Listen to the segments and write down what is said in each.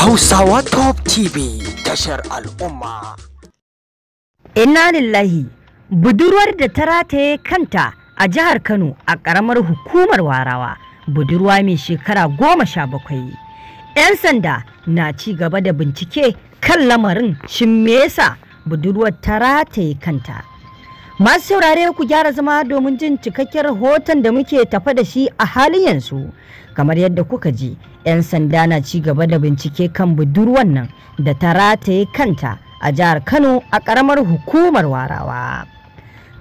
Hausawa Top TV tashar al'umma. Ina lillahi budurwar da ta rataye kanta a jihar Kano a ƙaramar hukumar warawa budurwa mai shekara goma sha bakwai. 'Yan sanda na ci gaba da bincike kan lamarin shin me yasa budurwar ta rataye kanta Masu saurare ku gyara zama domin jin cikakken hoton da muke tafa da shi a halin yanzu. Kamar yadda kuka ji, 'yan sanda na ci gaba da bincike kan budurwan nan da ta rataye kanta a jihar Kano a ƙaramar hukumar warawa.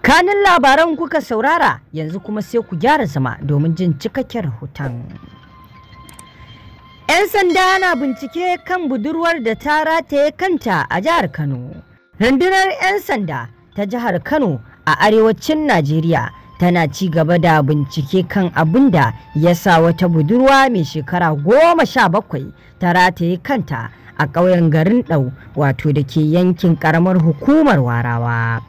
Kanin labaran kuka saurara yanzu kuma sai ku gyara zama domin jin cikakken hoton. 'Yan sanda na bincike kan budurwar da ta rataye kanta a jihar Kano. Rundunar 'yan sanda ta jihar Kano a arewacin Najeriya tana ci gaba da bincike kan abin da ya sa wata budurwa mai shekara goma sha bakwai ta rataye kanta a ƙauyen garin ɗau wato da ke yankin ƙaramar hukumar warawa.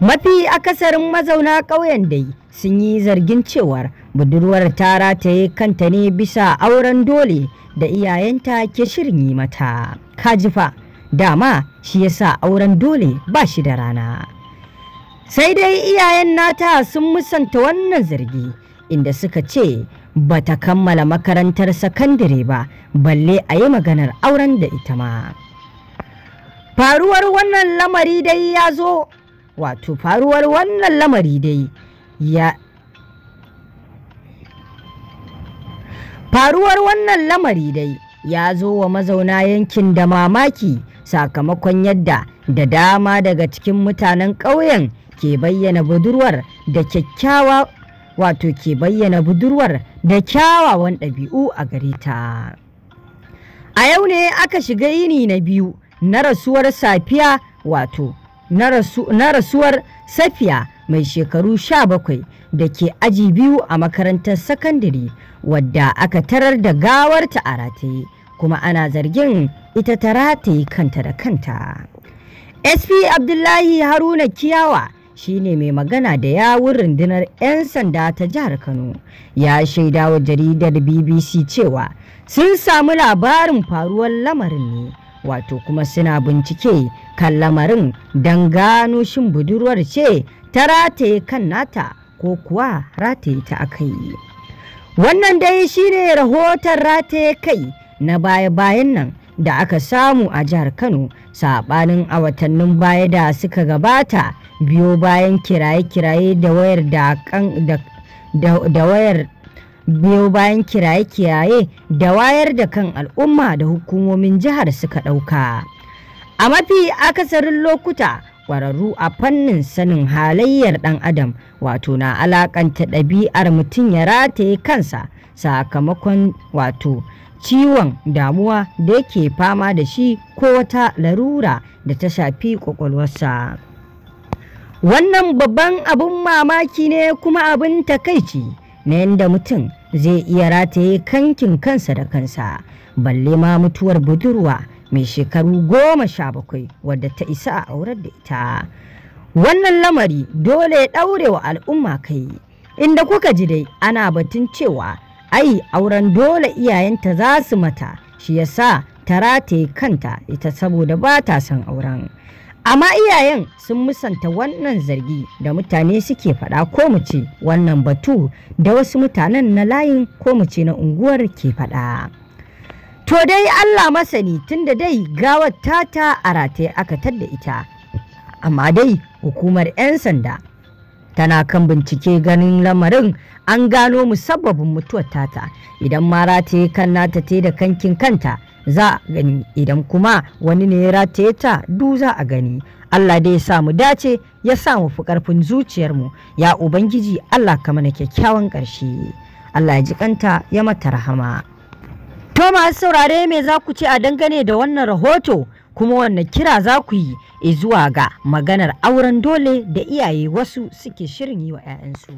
Mafi akasarin mazauna ƙauyen dai sun yi zargin cewar budurwar ta rataye kanta ne bisa auren dole da iyayenta ke shirin yi mata. Kajifa, dama shi yasa auren dole ba shi da rana. sai dai iyayen nata sun musanta wannan zargi inda suka ce ba ta kammala makarantar sakandare ba balle a yi maganar auren da ita ma faruwar wannan lamari dai ya zo wato faruwar wannan lamari dai ya faruwar wannan lamari dai ya zo wa mazauna yankin da mamaki sakamakon yadda da dama daga cikin mutanen ƙauyen ke bayyana budurwar da kyakkyawa wato ke bayyana budurwar da kyawawan ɗabi'u a gare ta. A yau ne aka shiga yini na biyu na rasuwar safiya wato na rasuwar safiya mai shekaru sha bakwai da ke aji biyu a makarantar sakandare wadda aka tarar da gawarta a rataye kuma ana zargin ita ta rataye kanta da kanta. SP Abdullahi Haruna Kiyawa Shi ne mai magana da yawun rundunar 'yan sanda ta jihar Kano ya shaida wa jaridar BBC cewa sun samu labarin faruwar lamarin ne wato kuma suna bincike kan lamarin don gano shin budurwar ce ta rataye kan nata ko kuwa rataye ta aka Wannan dai shi ne rahoton rataye kai na baya-bayan nan da aka samu a jihar Kano saɓanin a watannin baya da suka gabata biyo bayan kiraye-kiraye da wayar da kan da wayar biyo bayan kiraye-kiraye da wayar da kan al'umma da hukumomin jihar suka ɗauka. A mafi akasarin lokuta ƙwararru a fannin sanin halayyar ɗan adam wato na alakanta ɗabi'ar mutum ya rataye kansa sakamakon wato ciwon damuwa da yake fama da shi ko wata larura da ta shafi kwakwalwarsa. Wannan babban abin mamaki ne kuma abin takaici na yadda mutum zai iya rataye kankin kansa da kansa, balle ma mutuwar budurwa mai shekaru goma sha bakwai wadda ta isa a aurar da ita. Wannan lamari dole ya ɗaure wa al'umma kai, inda kuka ji dai ana batun cewa ai auren dole iyayenta za su mata shi ya yasa ta rataye kanta ita saboda ba ta son auren amma iyayen sun musanta wannan zargi da mutane suke faɗa ko mu ce wannan batu da wasu mutanen na layin ko mu ce na unguwar ke faɗa to dai allah masani tun da dai gawar tata a rataye aka tadda ita amma dai hukumar 'yan sanda tana kan bincike ganin lamarin an gano musabbabin mutuwar tata idan ma rataye kan nata te da kankin kanta za a gani idan kuma wani ne ya rataye ta du za a gani Allah dai ya sa mu dace ya sa mu fi karfin zuciyarmu ya ubangiji Allah ka mana kyakkyawan ƙarshe Allah ya ji kanta ya mata rahama to masu saurare me za ku ce a dangane da wannan rahoto kuma wannan kira za ku yi zuwa ga maganar auren dole da iyaye wasu suke shirin yi wa 'ya'yansu.